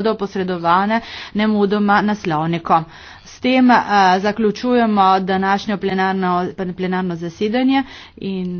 bodo posredovane nemudoma naslovnikom. S tem a, eh, zaključujemo današnjo plenarno, plenarno zasedanje in